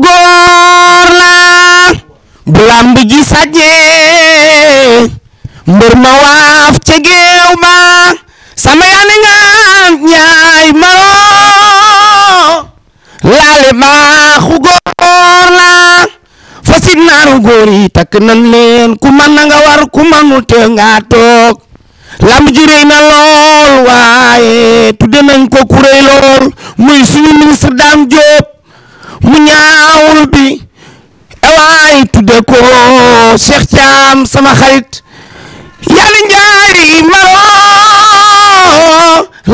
góor la bu lamb ji sàjjee mbër ma waaf ca ba sama yaani ngaan ñaay maroo laale baaxu góor la fasit naaru góor yi takk nan leen ku man na nga war ku manul te nga toog lamb ji rëy na lool waaye tudde nañ ko ku rëy lool muy suñu ministre Dame Diop daam sama xarit yàlla njaari maro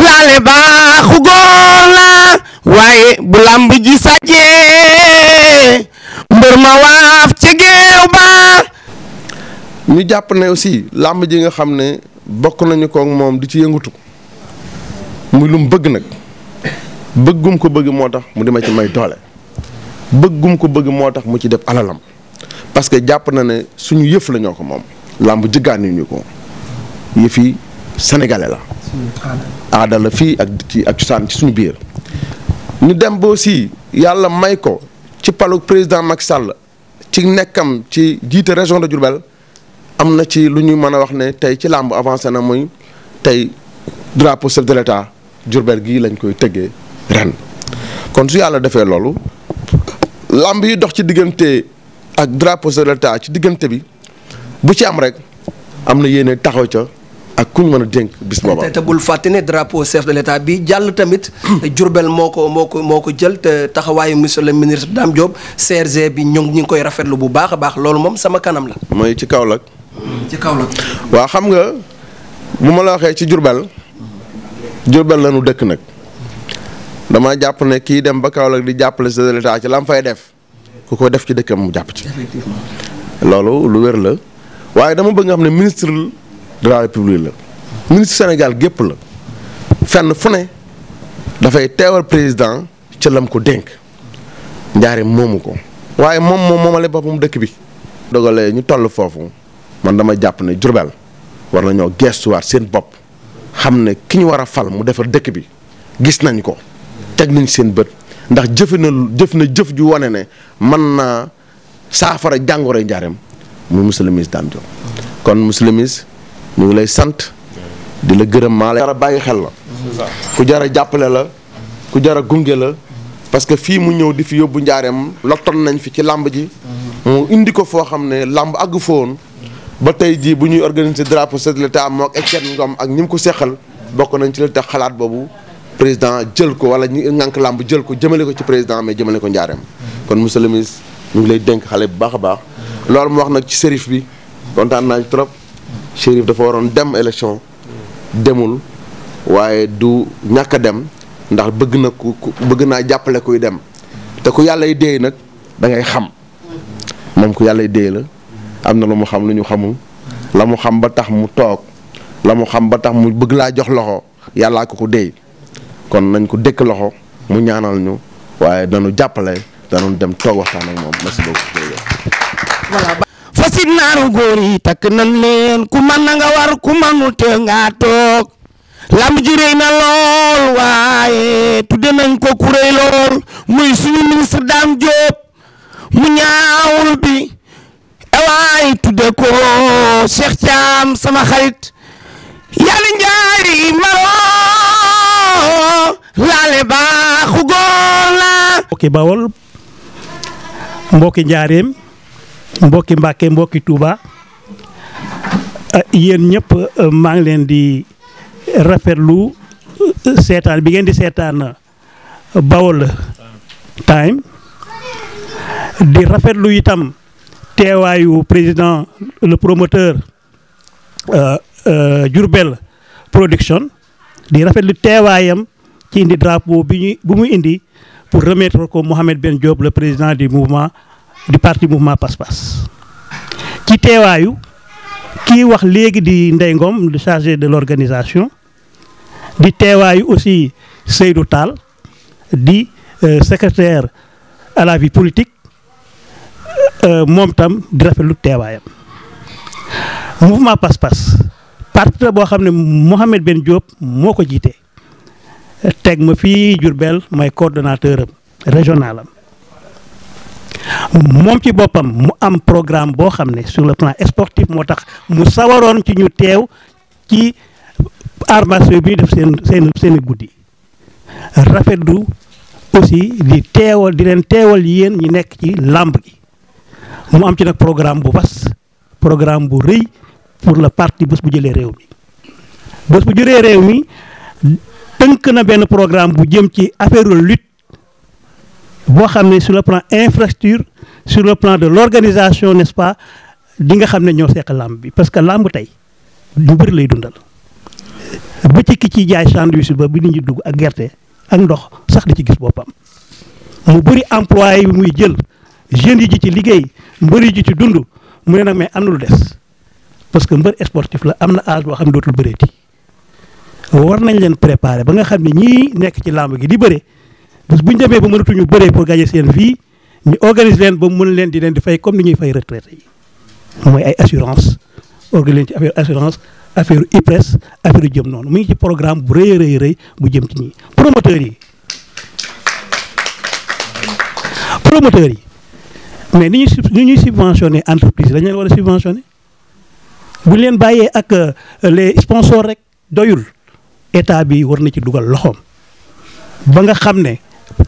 laale baaxu góor la waaye bu lamb ji sàjjee mbër ma waaf ca ba ñu jàpp ne aussi làmb ji nga xam ne bokk nañu ko moom di ci yëngutu lu lum bëgg nag bëggum ko bëgg moo tax mu ma ci may doole bëggum ko bëgg moo tax mu ci def alalam parce que jàpp na ne suñu yëf la ñoo ko moom làmb jëggaani ñu ko yëf yi sénégalais la aada fii ak ci ak cosaan ci suñu biir ñu dem ba si yàlla may ko ci palu président Macky Sall ci nekkam ci jiite région de Diourbel am na ci lu ñuy mën a wax ne tey ci làmb avancé na muy tey drapeau chef de l'état Diourbel gii lañ koy tëggee ren kon su yàlla defee loolu làmb yi dox ci diggante ak drapeau de l'État ci diggante bi bu ci am rek am na yéene taxaw ca ak ku ñu mën a dénk bis booba. te bul fàtte bi jàll tamit. Hmm. Jurbel moo ko moo ko moo ko jël te taxawaayu monsieur le ministre Dame Diop CRG bi ñoom ñi ngi koy rafet lu bu baax a baax loolu moom sama kanam la. mooy ci Kaolack. Hmm, ci Kaolack. waaw xam nga bu ma la waxee ci Jurbel. Jurbel la nu dëkk nag. dama jàpp ne kii dem ba Kaolack di jàppale chef de l'État ci la fay def. ku ko def ci dëkkam mu jàpp ci. effectivement loolu lu wér la waaye dama bëgg nga xam ne ministre de la république la ministre Sénégal gépp la fenn fu ne dafay teewal président ca lam ko dénk njaareem moomu ko waaye moom moom moomale boppam dëkk bi. dogalee ñu toll foofu man dama jàpp ne Jurbel war ñoo gestuwaat seen bopp xam ne ki ñu war a fal mu defar dëkk bi gis nañ ko teg nañ seen bët. ndax jëfe na jëf na jëf ju wane ne man naa saafara jàngoro njaareem mu monsieur le ministre Dame kon monsieur le ministre ñu lay sant di la gërëm maa la jara bàyyi xel la ku jara jàppale la ku jara gunge la parce que fii mu ñëw di fi yóbbu njaareem lottoon nañ fi ci làmb ji mu indi ko foo xam ne làmb àgg foon ba tey jii bu ñuy organiser drapeau chef de moo ak Ngom ak ñi mu ko seqal bokk nañ ci la tax xalaat boobu président jël ko wala ñu ngànk làmb jël ko jëmale ko ci président mais jëmale ko njaareem kon monsieur le ministre ngi lay dénk xale bu baax a baax loolu mu wax nag ci shérif bi kontaan naa trop shérif dafa waroon dem élection demul waaye du ñàkk dem ndax bëgg na ku bëgg naa jàppale kuy dem te ku yàlla y déey nag da ngay xam moom ku yàlla y déey la am na lu mu xam lu ñu xamul la mu xam ba tax mu toog la mu xam ba tax mu bëgg laa jox loxo yàllaa ko ko déey kon nañ ko dëkk loxo mu ñaanal ñu waaye dañu jàppale danoon dem toog waxtaan ak moom merci beaucoup jërëjëf fasit naaru góor yi takk nan leen ku man na nga war ku manul te nga toog lamb ji na lool waaye tudde ko ku réy sama xarit yàlla njaari laale baaxu góor la mbokki bawol mbokki njaareem mbokki mbàkke mbokki tuuba ah, yéen ñëpp euh, maa ngi leen di rafetlu euh, seetaan bi ngeen di seetaan euh, bawol time di rafetlu itam teewaayu président le promoteur jurbel production di rafetlu teewaayam ci indi drapeau bi ñu bu mu indi pour remettre ko Mouhamed Ben Diop le président du mouvement du parti mouvement Pass-Pass ci teewaayu kii wax léegi di Ndeye Ngom le chargé de l'organisation di teewaayu aussi Seydou Tall di euh, secretaire à la vie politique euh, moom tam di rafetlu teewaayam. mouvement Pass-Pass parti boo xam ne Mouhamed Ben Diop moo ko jiite teg ma fii Diourbel may coordonnateur am régional am moom ci boppam mu am programme boo xam ne sur le plan sportif moo tax mu sawaroon ci ñu teew ci arts martiaux bi def seen seen seen i guddi rafetlu aussi di teewal di leen teewal yéen ñi nekk ci làmb gi mu am ci nag programme bu fas programme bu rëy pour le partie bés bu jëlee réew mi bés bu jëlee réew mi tënk na benn programme bu jëm ci affaire lutte boo xam ne sur le plan infrastructure sur le plan de l'organisation n'est-ce pas di nga xam ne ñoo seq làmb bi parce que làmb tey lu bëri lay dundal ba ci ki ciy jaay sandwich ba bi nit ñi dugg ak gerte ak ndox sax di ci gis boppam mu bëri employé yi muy jël jeune yi ji ci liggéey mbër yi ji ci dund mu ne nag mais am na lu des parce que mbër esportif la am na âge boo xam ne dootul bëreeti war nañ leen préparer ba nga xam ne ñii nekk ci làmb gi di bëre bés bu ba demee ba mënatuñu bëree pour gagner seen vie ñu organise leen ba mën leen di leen di fay comme ni ñuy fay retraité yi mooy ay assurance organise leen ci affaire assurance affaire IPRES affaire jëm noonu mu ngi ci programme bu rëy rëy rëy bu jëm ci ñii promoteurs yi promoteurs yi mais ni ñuy ni ñuy subventionné entreprise dañ leen war a subventionné bu ñu leen bàyyee ak euh, les sponsors rek doyul état bi war na ci dugal loxoom ba nga xam ne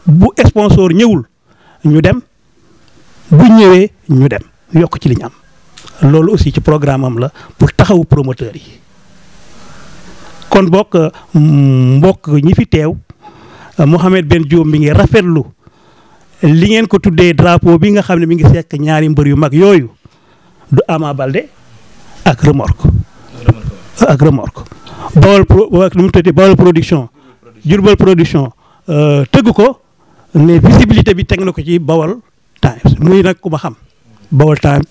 bu sponsor ñëwul ñu dem bu ñëwee ñu dem yokk ci li am loolu aussi ci programme am la pour taxawu promoteur yi kon bokk mbokk ñi fi teew Mouhamed benn Diop mi ngi rafetlu li ngeen ko tuddee drapeau bi nga xam ne mi ngi sekk ñaari mbër yu mag yooyu du Ama Balde ak remorque ak ko Bawol pro nu mu tëddee Bawol production. Jurbel production euh, tëgg ko mais visibilité bi teg na ko ci Bawol Times muy nag ku ma xam. Bawol Times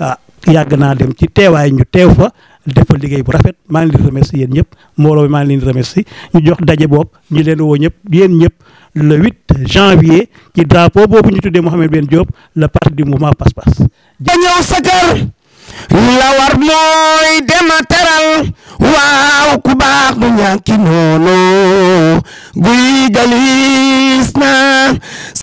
ah yàgg naa dem ci teewaay ñu teew fa defal liggéey bu rafet maa ngi leen di yéen ñëpp mbooloo bi maa ngi leen ñu jox daje boobu ñu leen woo ñëpp yéen ñëpp le 8 janvier ci drapeau boobu ñu tuddee Mouhamed Ben Diop le parti du mouvement Passe Passe. dañoo sakar. la war mooy dema teral waaw ku baax du ñàkki noonu guy galis na